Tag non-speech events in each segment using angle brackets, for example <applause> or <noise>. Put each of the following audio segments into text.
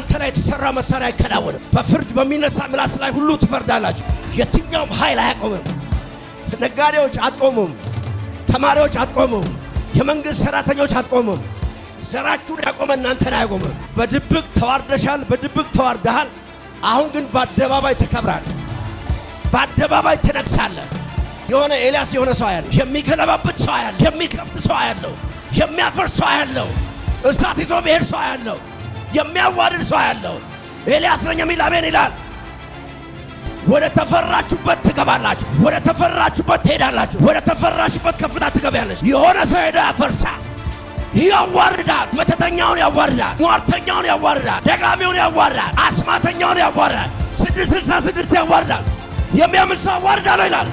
በእናንተ ላይ የተሰራ መሳሪያ አይከናወንም። በፍርድ በሚነሳ ምላስ ላይ ሁሉ ትፈርዳላችሁ። የትኛውም ኃይል አያቆምም። ነጋዴዎች አትቆሙም። ተማሪዎች አትቆሙም። የመንግሥት ሠራተኞች አትቆሙም። ዘራችሁን ያቆመ እናንተን አያቆምም። በድብቅ ተዋርደሻል፣ በድብቅ ተዋርደሃል። አሁን ግን በአደባባይ ተከብራል። በአደባባይ ትነግሳለህ። የሆነ ኤልያስ የሆነ ሰው ያለው የሚገለባበት ሰው ያለው የሚከፍት ሰው ያለው የሚያፈርስ ሰው ያለው እሳት ይዞ ብሔር ሰው ያለው የሚያዋርድ ሰው ያለው ኤልያስ ነኝ የሚል አሜን ይላል። ወደ ተፈራችሁበት ትገባላችሁ። ወደ ተፈራችሁበት ትሄዳላችሁ። ወደ ተፈራችሁበት ከፍታ ትገባለች። የሆነ ሰው ሄዶ ያፈርሳል፣ ያዋርዳል፣ መተተኛውን ያዋርዳል፣ ሟርተኛውን ያዋርዳል፣ ደጋሚውን ያዋርዳል፣ አስማተኛውን ያዋርዳል፣ ስድስት ስልሳ ስድስት ያዋርዳል። የሚያምን ሰው ነው ይላል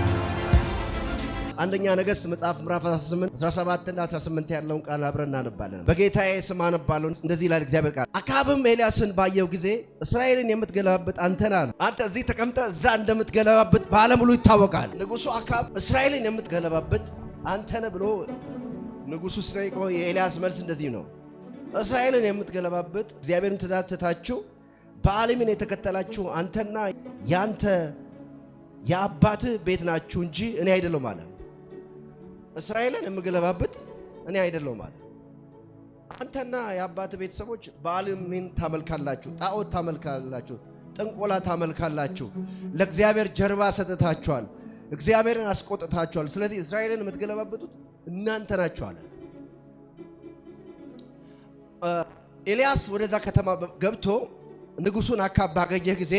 አንደኛ ነገሥት መጽሐፍ ምዕራፍ 18 17 እና 18 ያለውን ቃል አብረን እናነባለን። በጌታዬ ስም አነባለሁ። እንደዚህ ይላል እግዚአብሔር ቃል። አካብም ኤልያስን ባየው ጊዜ እስራኤልን የምትገለባበት አንተና ነው። አንተ እዚህ ተቀምጠ እዛ እንደምትገለባበት በዓለም ሁሉ ይታወቃል። ንጉሱ አካብ እስራኤልን የምትገለባበት አንተ ነህ ብሎ ንጉሱ ሲጠይቀው የኤልያስ መልስ እንደዚህ ነው። እስራኤልን የምትገለባበት እግዚአብሔርን ትእዛዝ ትታችሁ በዓለምን የተከተላችሁ አንተና ያንተ የአባትህ ቤት ናችሁ እንጂ እኔ አይደለሁም አለ። እስራኤልን የምገለባበት እኔ አይደለሁም አለ። አንተና የአባት ቤተሰቦች በአልሚን ታመልካላችሁ፣ ጣዖት ታመልካላችሁ፣ ጥንቆላ ታመልካላችሁ፣ ለእግዚአብሔር ጀርባ ሰጥታችኋል፣ እግዚአብሔርን አስቆጥታችኋል። ስለዚህ እስራኤልን የምትገለባበቱት እናንተ ናችሁ አለ። ኤልያስ ወደዛ ከተማ ገብቶ ንጉሱን አካብ ባገኘ ጊዜ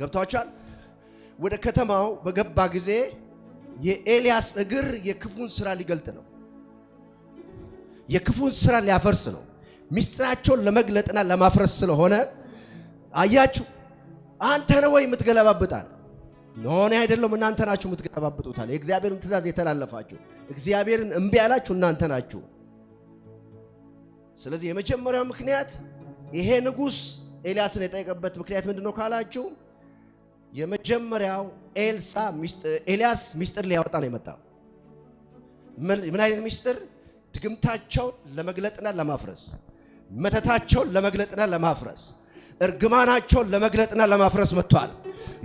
ገብታችኋል። ወደ ከተማው በገባ ጊዜ የኤልያስ እግር የክፉን ስራ ሊገልጥ ነው። የክፉን ስራ ሊያፈርስ ነው። ሚስጥራቸውን ለመግለጥና ለማፍረስ ስለሆነ አያችሁ። አንተ ነው ወይ የምትገለባብጣል? ኖ አይደለም፣ እናንተ ናችሁ የምትገለባብጡታል። የእግዚአብሔርን ትእዛዝ የተላለፋችሁ እግዚአብሔርን እምቢ ያላችሁ እናንተ ናችሁ። ስለዚህ የመጀመሪያው ምክንያት ይሄ ንጉሥ ኤልያስን የጠየቀበት ምክንያት ምንድን ነው ካላችሁ የመጀመሪያው ኤልሳ ኤልያስ ሚስጥር ሊያወጣ ነው የመጣው። ምን አይነት ሚስጥር? ድግምታቸውን ለመግለጥና ለማፍረስ፣ መተታቸውን ለመግለጥና ለማፍረስ፣ እርግማናቸውን ለመግለጥና ለማፍረስ መጥቷል።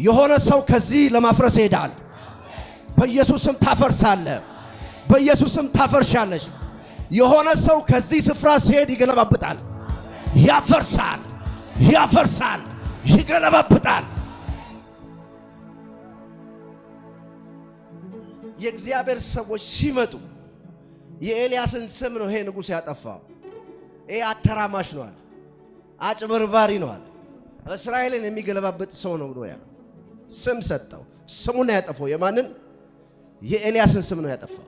የሆነ ሰው ከዚህ ለማፍረስ ይሄዳል። በኢየሱስም ታፈርሳለ። በኢየሱስም ታፈርሻለሽ። የሆነ ሰው ከዚህ ስፍራ ሲሄድ ይገለባብጣል፣ ያፈርሳል፣ ያፈርሳል፣ ይገለባብጣል። የእግዚአብሔር ሰዎች ሲመጡ የኤልያስን ስም ነው ይሄ ንጉሥ ያጠፋው። ይሄ አተራማሽ ነው አለ፣ አጭበርባሪ ነው አለ፣ እስራኤልን የሚገለባበጥ ሰው ነው ብሎ ያለው ስም ሰጠው። ስሙን ያጠፋው የማንን? የኤልያስን ስም ነው ያጠፋው።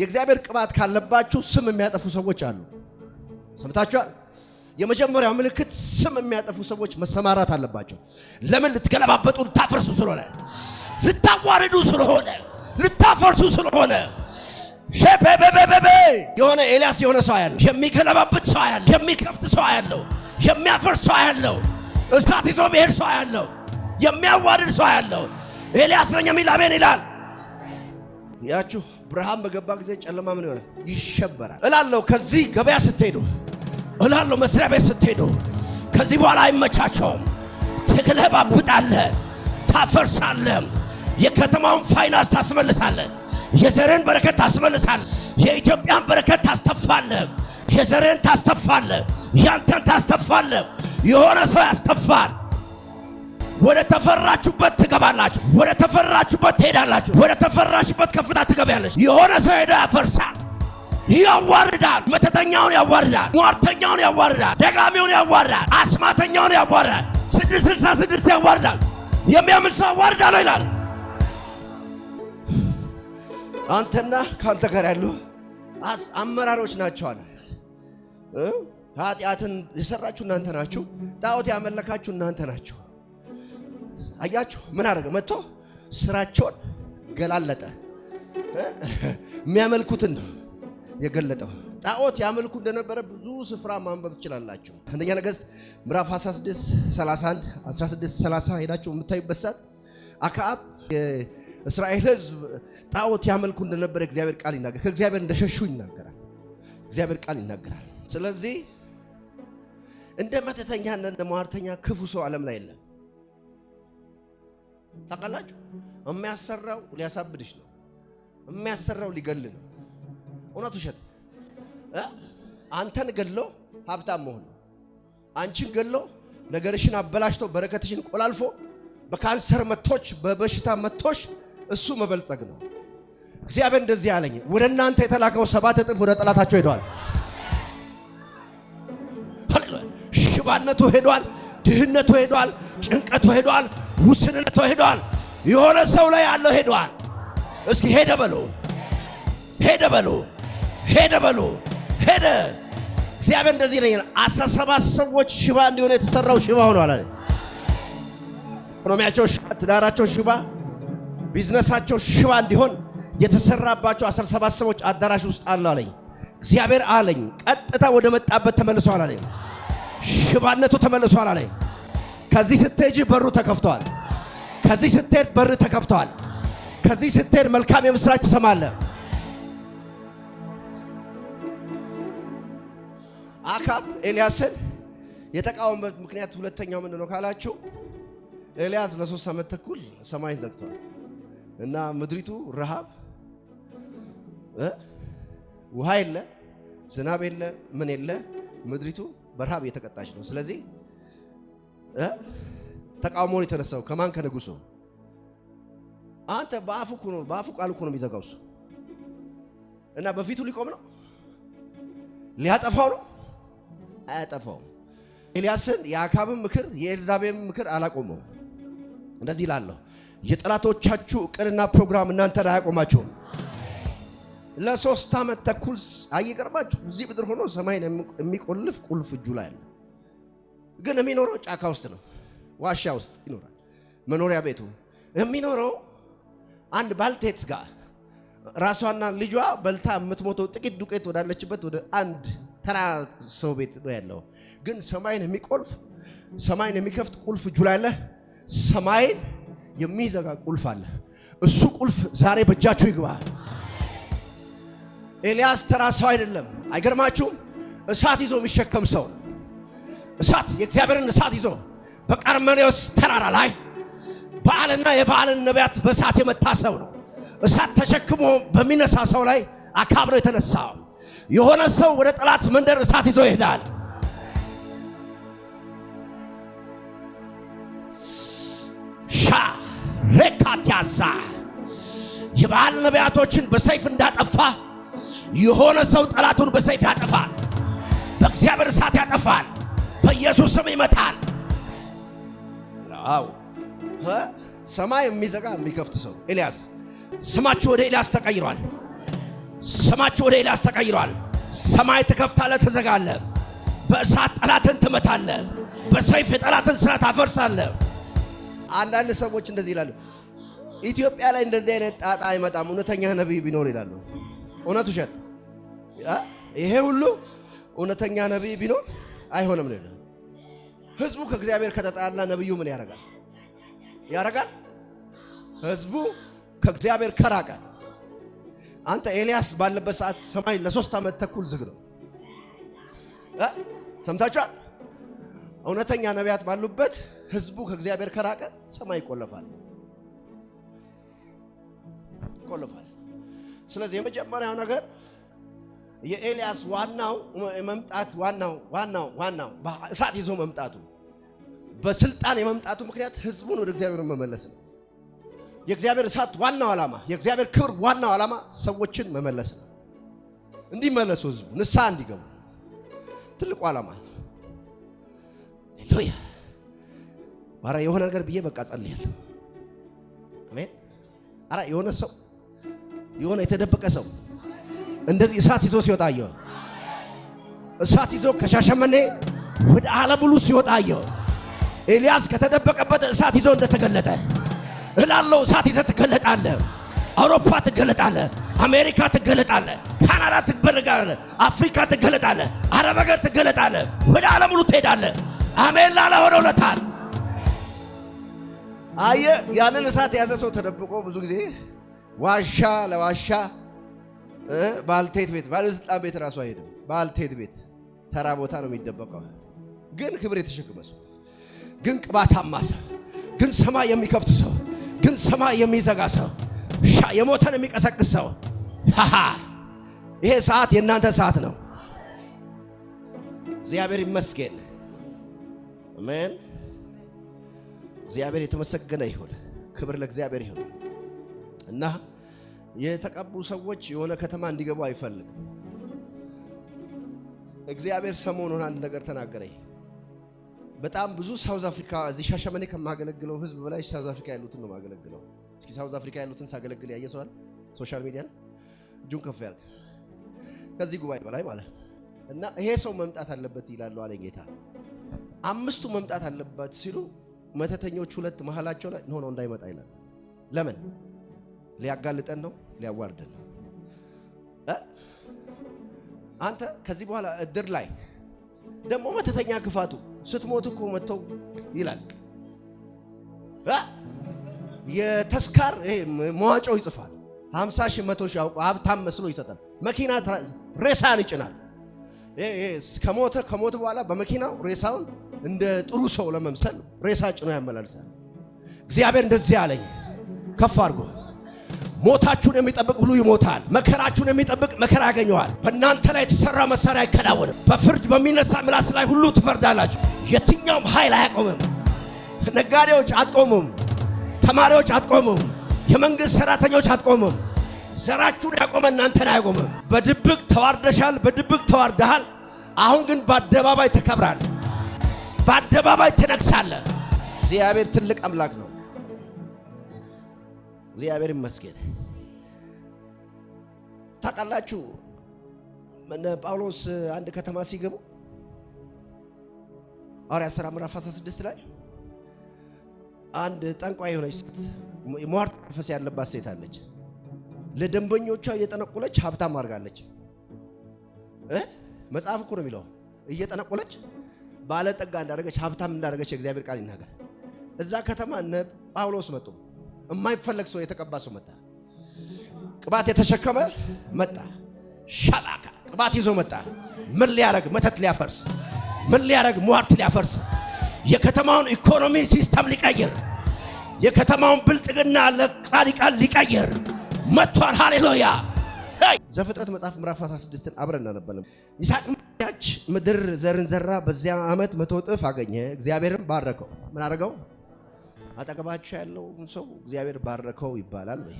የእግዚአብሔር ቅባት ካለባችሁ ስም የሚያጠፉ ሰዎች አሉ። ሰምታችኋል? የመጀመሪያው ምልክት ስም የሚያጠፉ ሰዎች መሰማራት አለባቸው። ለምን? ልትገለባበጡ፣ ልታፈርሱ ስለሆነ፣ ልታዋርዱ ስለሆነ ልታፈርሱ ስለሆነ የሆነ ኤልያስ የሆነ ሰው ያለው የሚገለባብጥ ሰው ያለው የሚከፍት ሰው ያለው የሚያፈርስ ሰው ያለው እሳት ይዞ መሄድ ሰው ያለው የሚያዋርድ ሰው ያለው ኤልያስ ነኝ የሚል አሜን ይላል። ያችሁ ብርሃን በገባ ጊዜ ጨለማ ምን ይሆናል? ይሸበራል እላለሁ። ከዚህ ገበያ ስትሄዱ እላለሁ፣ መስሪያ ቤት ስትሄዱ ከዚህ በኋላ አይመቻቸውም። ትገለባብጣለህ፣ ታፈርሳለም የከተማውን ፋይናንስ ታስመልሳለህ። የዘርን በረከት ታስመልሳለህ። የኢትዮጵያን በረከት ታስተፋለህ። የዘርን ታስተፋለህ። ያንተን ታስተፋለህ። የሆነ ሰው ያስተፋል። ወደ ተፈራችሁበት ትገባላችሁ። ወደ ተፈራችሁበት ትሄዳላችሁ። ወደ ተፈራችሁበት ከፍታ ትገባለች። የሆነ ሰው ሄዶ ያፈርሳል፣ ያዋርዳል፣ መተተኛውን ያዋርዳል፣ ሟርተኛውን ያዋርዳል፣ ደጋሚውን ያዋርዳል፣ አስማተኛውን ያዋርዳል፣ ስድስት ስልሳ ስድስት ያዋርዳል። የሚያምን ሰው ያዋርዳል ይላል አንተና ከአንተ ጋር ያሉ አመራሮች ናቸው አለ። ኃጢአትን የሰራችሁ እናንተ ናችሁ። ጣዖት ያመለካችሁ እናንተ ናችሁ። አያችሁ፣ ምን አደረገ? መጥቶ ስራቸውን ገላለጠ። የሚያመልኩትን ነው የገለጠው። ጣዖት ያመልኩ እንደነበረ ብዙ ስፍራ ማንበብ ትችላላችሁ። አንደኛ ነገሥት ምዕራፍ 16 31 16 30 ሄዳችሁ የምታዩበት ሰዓት አክዓብ እስራኤል ህዝብ ጣዖት ያመልኩ እንደነበረ እግዚአብሔር ቃል ይናገራል። ከእግዚአብሔር እንደሸሹ ይናገራል። እግዚአብሔር ቃል ይናገራል። ስለዚህ እንደ መተተኛ እንደ ሟርተኛ ክፉ ሰው ዓለም ላይ የለም። ታውቃላችሁ፣ የሚያሰራው ሊያሳብድሽ ነው። የሚያሰራው ሊገል ነው። እውነት ውሸት? አንተን ገሎ ሀብታም መሆን ነው። አንቺን ገሎ ነገርሽን አበላሽቶ በረከትሽን ቆላልፎ በካንሰር መቶች በበሽታ መቶች እሱ መበልጸግ ነው። እግዚአብሔር እንደዚህ አለኝ፣ ወደ እናንተ የተላከው ሰባት እጥፍ ወደ ጠላታቸው ሄደዋል። ሽባነቱ ሄዷል፣ ድህነቱ ሄዷል፣ ጭንቀቱ ሄዷል፣ ውስንነቱ ሄዷል፣ የሆነ ሰው ላይ ያለው ሄዷል። እስኪ ሄደ በሉ፣ ሄደ በሉ፣ ሄደ በሉ፣ ሄደ። እግዚአብሔር እንደዚህ ይለኛል፣ አስራ ሰባት ሰዎች ሽባ እንዲሆነ የተሰራው ሽባ ሆኗል አለ። ኢኮኖሚያቸው ሽባ፣ ትዳራቸው ሽባ ቢዝነሳቸው ሽባ እንዲሆን የተሰራባቸው አስራ ሰባት ሰዎች አዳራሽ ውስጥ አሉ አለኝ። እግዚአብሔር አለኝ ቀጥታ ወደ መጣበት ተመልሷል አለኝ። ሽባነቱ ተመልሷል አለኝ። ከዚህ ስትሄጂ በሩ ተከፍተዋል። ከዚህ ስትሄድ በር ተከፍተዋል። ከዚህ ስትሄድ መልካም የምስራች ትሰማለ። አካብ ኤልያስን የተቃወመበት ምክንያት ሁለተኛው ምንድን ነው ካላችሁ ኤልያስ ለሶስት ዓመት ተኩል ሰማይን ዘግቷል። እና ምድሪቱ ረሃብ፣ ውሃ የለ፣ ዝናብ የለ፣ ምን የለ፣ ምድሪቱ በረሃብ እየተቀጣች ነው። ስለዚህ ተቃውሞ የተነሳው ከማን ከንጉሱ። አንተ በአፉ ነው በአፉ ቃል ነው የሚዘጋው እሱ እና በፊቱ ሊቆም ነው ሊያጠፋው ነው አያጠፋውም። ኤልያስን የአካብን ምክር የኤልዛቤም ምክር አላቆመው። እንደዚህ ላለሁ የጠላቶቻችሁ እቅድና ፕሮግራም እናንተ ላይ አያቆማችሁም። ለሶስት ዓመት ተኩል አይገርማችሁ፣ እዚህ ምድር ሆኖ ሰማይን የሚቆልፍ ቁልፍ እጁ ላይ አለ። ግን የሚኖረው ጫካ ውስጥ ነው፣ ዋሻ ውስጥ ይኖራል። መኖሪያ ቤቱ የሚኖረው አንድ ባልቴት ጋር ራሷና ልጇ በልታ የምትሞተው ጥቂት ዱቄት ወዳለችበት ወደ አንድ ተራ ሰው ቤት ነው ያለው። ግን ሰማይን የሚቆልፍ ሰማይን የሚከፍት ቁልፍ እጁ ላይ አለ። ሰማይን የሚዘጋ ቁልፍ አለ። እሱ ቁልፍ ዛሬ በእጃችሁ ይግባ። ኤልያስ ተራ ሰው አይደለም። አይገርማችሁም? እሳት ይዞ የሚሸከም ሰው ነው። እሳት የእግዚአብሔርን እሳት ይዞ በቀርሜሎስ ተራራ ላይ በዓልና የበዓልን ነቢያት በእሳት የመታ ሰው ነው። እሳት ተሸክሞ በሚነሳ ሰው ላይ አካብሮ የተነሳው። የሆነ ሰው ወደ ጠላት መንደር እሳት ይዞ ይሄዳል። ሬካቲያዛ የበዓል ነቢያቶችን በሰይፍ እንዳጠፋ የሆነ ሰው ጠላቱን በሰይፍ ያጠፋል። በእግዚአብሔር እሳት ያጠፋል። በኢየሱስ ስም ይመታል። አዎ ሰማይ የሚዘጋ የሚከፍት ሰው ኤልያስ። ስማችሁ ወደ ኤልያስ ተቀይሯል። ስማችሁ ወደ ኤልያስ ተቀይሯል። ሰማይ ትከፍታለ፣ ትዘጋለ። በእሳት ጠላትን ትመታለ። በሰይፍ የጠላትን ስራ ታፈርሳለ። አንዳንድ ሰዎች እንደዚህ ይላሉ ኢትዮጵያ ላይ እንደዚህ አይነት ጣጣ አይመጣም። እውነተኛ ነቢይ ቢኖር ይላሉ። እውነት ውሸት፣ ይሄ ሁሉ እውነተኛ ነቢይ ቢኖር አይሆንም ነው። ህዝቡ ከእግዚአብሔር ከተጣላ ነቢዩ ምን ያደርጋል? ያረጋል። ህዝቡ ከእግዚአብሔር ከራቀ አንተ ኤልያስ ባለበት ሰዓት ሰማይ ለሶስት ዓመት ተኩል ዝግ ነው። ሰምታችኋል? እውነተኛ ነቢያት ባሉበት ህዝቡ ከእግዚአብሔር ከራቀ ሰማይ ይቆለፋል። ይቆልፋል። ስለዚህ የመጀመሪያው ነገር የኤልያስ ዋናው መምጣት ዋናው ዋናው ዋናው እሳት ይዞ መምጣቱ በስልጣን የመምጣቱ ምክንያት ህዝቡን ወደ እግዚአብሔር መመለስ ነው። የእግዚአብሔር እሳት ዋናው ዓላማ፣ የእግዚአብሔር ክብር ዋናው ዓላማ ሰዎችን መመለስ ነው። እንዲመለሱ ህዝቡ ንስሐ እንዲገቡ ትልቁ ዓላማ። ሌሉያ ኧረ የሆነ ነገር ብዬ በቃ ጸልያለሁ። አሜን። አራ የሆነ ሰው የሆነ የተደበቀ ሰው እንደዚህ እሳት ይዞ ሲወጣ አየሁ። እሳት ይዞ ከሻሸመኔ ወደ አለሙሉ ሲወጣ አየሁ። ኤልያስ ከተደበቀበት እሳት ይዞ እንደተገለጠ እላለው እሳት ይዘ ትገለጣለ። አውሮፓ ትገለጣለ አሜሪካ ትገለጣለ። ካናዳ ትበረጋለ። አፍሪካ ትገለጣለ አረብ ሀገር ትገለጣለ። ወደ አለሙሉ ትሄዳለ። አሜን ላለ ሆነው ለታል አየ ያንን እሳት የያዘ ሰው ተደብቆ ብዙ ጊዜ ዋሻ ለዋሻ ባልቴት ቤት ባለስልጣን ቤት እራሱ አይሄድም። ባልቴት ቤት ተራ ቦታ ነው የሚደበቀው። ግን ክብር የተሸከመ ሰው፣ ግን ቅባታማ ሰው፣ ግን ሰማይ የሚከፍት ሰው፣ ግን ሰማይ የሚዘጋ ሰው፣ የሞተን የሚቀሰቅስ ሰው። ይሄ ሰዓት የእናንተ ሰዓት ነው። እግዚአብሔር ይመስገን። አሜን። እግዚአብሔር የተመሰገነ ይሁን። ክብር ለእግዚአብሔር ይሁን። እና የተቀቡ ሰዎች የሆነ ከተማ እንዲገቡ አይፈልግም። እግዚአብሔር ሰሞኑን አንድ ነገር ተናገረኝ። በጣም ብዙ ሳውዝ አፍሪካ እዚህ ሻሸመኔ ከማገለግለው ህዝብ በላይ ሳውዝ አፍሪካ ያሉትን ነው ማገለግለው። እስኪ ሳውዝ አፍሪካ ያሉትን ሳገለግል ያየ ሰዋል ሶሻል ሚዲያ እጁን ከፍ ያርግ ከዚህ ጉባኤ በላይ ማለት እና ይሄ ሰው መምጣት አለበት ይላሉ አለ ጌታ። አምስቱ መምጣት አለበት ሲሉ መተተኞች ሁለት መሀላቸው ላይ ሆኖ እንዳይመጣ ይላል። ለምን ሊያጋልጠን ነው፣ ሊያዋርደን ነው። አንተ ከዚህ በኋላ እድር ላይ ደግሞ መተተኛ ክፋቱ ስትሞት እኮ መጥተው ይላል የተስካር መዋጮ ይጽፋል። ሀምሳ ሺህ መቶ ሺህ አውቆ ሀብታም መስሎ ይሰጣል። መኪና ሬሳን ይጭናል። ከሞተ ከሞት በኋላ በመኪናው ሬሳውን እንደ ጥሩ ሰው ለመምሰል ሬሳ ጭኖ ያመላልሳል። እግዚአብሔር እንደዚህ አለኝ ከፍ አድርጎ ሞታችሁን የሚጠብቅ ሁሉ ይሞታል። መከራችሁን የሚጠብቅ መከራ ያገኘዋል። በእናንተ ላይ የተሰራ መሳሪያ አይከናወንም። በፍርድ በሚነሳ ምላስ ላይ ሁሉ ትፈርዳላችሁ። የትኛውም ኃይል አያቆምም። ነጋዴዎች አትቆሙም። ተማሪዎች አትቆሙም። የመንግሥት ሠራተኞች አትቆሙም። ዘራችሁን ያቆመ እናንተን አያቆምም። በድብቅ ተዋርደሻል፣ በድብቅ ተዋርደሃል። አሁን ግን በአደባባይ ትከብራለህ፣ በአደባባይ ትነግሳለህ። እግዚአብሔር ትልቅ አምላክ ነው። እግዚአብሔር ይመስገን። ታውቃላችሁ ጳውሎስ አንድ ከተማ ሲገቡ ሐዋርያት ሥራ ምዕራፍ 16 ላይ አንድ ጠንቋይ የሆነች ሴት ሟርት መንፈስ ያለባት ሴት አለች። ለደንበኞቿ እየጠነቁለች ሀብታም አድርጋለች። መጽሐፍ እኮ ነው የሚለው። እየጠነቁለች ባለጠጋ እንዳደረገች ሀብታም እንዳደረገች የእግዚአብሔር ቃል ይናገር። እዛ ከተማ እነ ጳውሎስ መጡ። የማይፈለግ ሰው የተቀባ ሰው መጣ። ቅባት የተሸከመ መጣ። ሻላካ ቅባት ይዞ መጣ። ምን ሊያረግ? መተት ሊያፈርስ። ምን ሊያረግ? ሟርት ሊያፈርስ። የከተማውን ኢኮኖሚ ሲስተም ሊቀይር፣ የከተማውን ብልጥግና ለቃሊቃል ሊቀይር መጥቷል። ሃሌሉያ። ዘፍጥረት መጽሐፍ ምዕራፍ 16 አብረን እናነባለን። ይስሐቅ ያች ምድር ዘርን ዘራ፣ በዚያ ዓመት መቶ እጥፍ አገኘ። እግዚአብሔርም ባረከው። ምን አረገው? አጠገባችሁ ያለው ሰው እግዚአብሔር ባረከው ይባላል ወይ?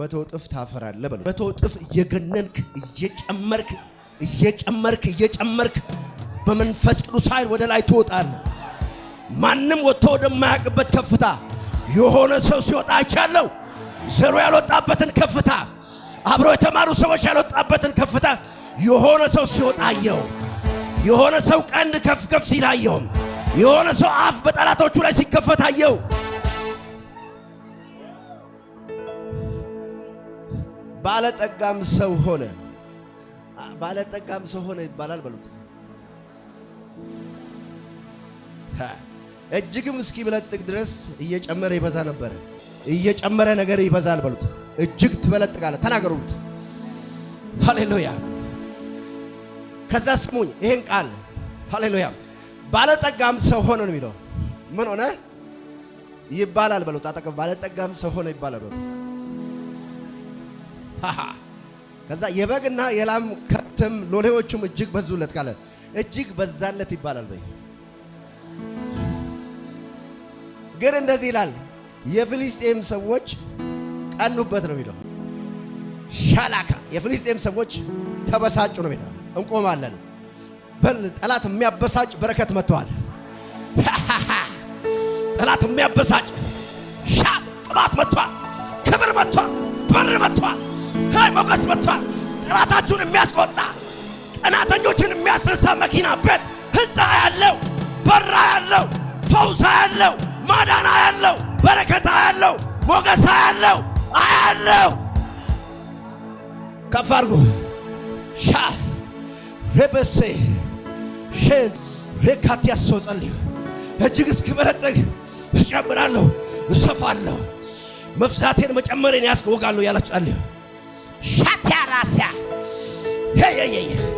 መቶ እጥፍ ታፈራለህ በለው። መቶ እጥፍ እየገነንክ እየጨመርክ እየጨመርክ እየጨመርክ በመንፈስ ቅዱስ ኃይል ወደ ላይ ትወጣለህ። ማንም ወጥቶ ወደማያውቅበት ከፍታ የሆነ ሰው ሲወጣ አይቻለሁ። ዘሩ ያልወጣበትን ከፍታ አብሮ የተማሩ ሰዎች ያልወጣበትን ከፍታ የሆነ ሰው ሲወጣ አየው። የሆነ ሰው ቀንድ ከፍ ከፍ ሲል አየውም። የሆነ ሰው አፍ በጠላቶቹ ላይ ሲከፈት አየው። ባለጠጋም ሰው ሆነ። ባለጠጋም ሰው ሆነ ይባላል በሉት። እጅግም እስኪበለጥግ ድረስ እየጨመረ ይበዛ ነበረ። እየጨመረ ነገር ይበዛል በሉት። እጅግ ትበለጥጋለ ተናገሩት። ሃሌሉያ። ከዛ ስሙኝ ይሄን ቃል ሃሌሉያ ባለጠጋም ሰው ሆነ ነው የሚለው። ምን ሆነ ይባላል በለው። ታጠቀም ባለጠጋም ሰው ሆነ ይባላል ከዛ የበግና የላም ከብትም ሎሌዎቹም እጅግ በዙለት ካለ እጅግ በዛለት ይባላል በይ። ግን እንደዚህ ይላል የፊሊስጤም ሰዎች ቀኑበት ነው የሚለው። ሻላካ የፊሊስጤም ሰዎች ተበሳጩ ነው የሚለው። እንቆማለን በል ጠላት የሚያበሳጭ በረከት መጥተዋል። <laughs> ጠላት የሚያበሳጭ ሻ ቅባት መጥቷል። ክብር መጥቷል። በር መጥቷል። ሀይ ሞገስ መጥቷል። ጠላታችሁን የሚያስቆጣ ቀናተኞችን የሚያስነሳ መኪና፣ ቤት፣ ህንፃ ያለው በራ ያለው ፈውሳ ያለው ማዳና ያለው በረከታ ያለው ሞገሳ ያለው አያለው ከፍ አድርጎ ሻ ሬበሴ ሼን ሬካት ያሰው ጸልዩ እጅግ እስክመረጠግ እጨምራለሁ፣ እሰፋለሁ፣ መፍዛቴን መጨመሬን ያስወጋለሁ ያላችሁ ጸልዩ ሻቲያ ራሲያ ሄ